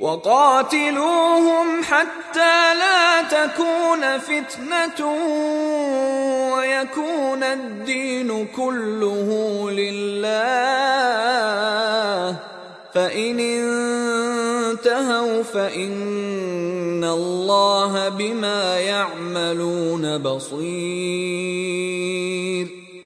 وقاتلوهم حتى لا تكون فتنة ويكون الدين كله لله فإن انتهوا فإن الله بما يعملون بصير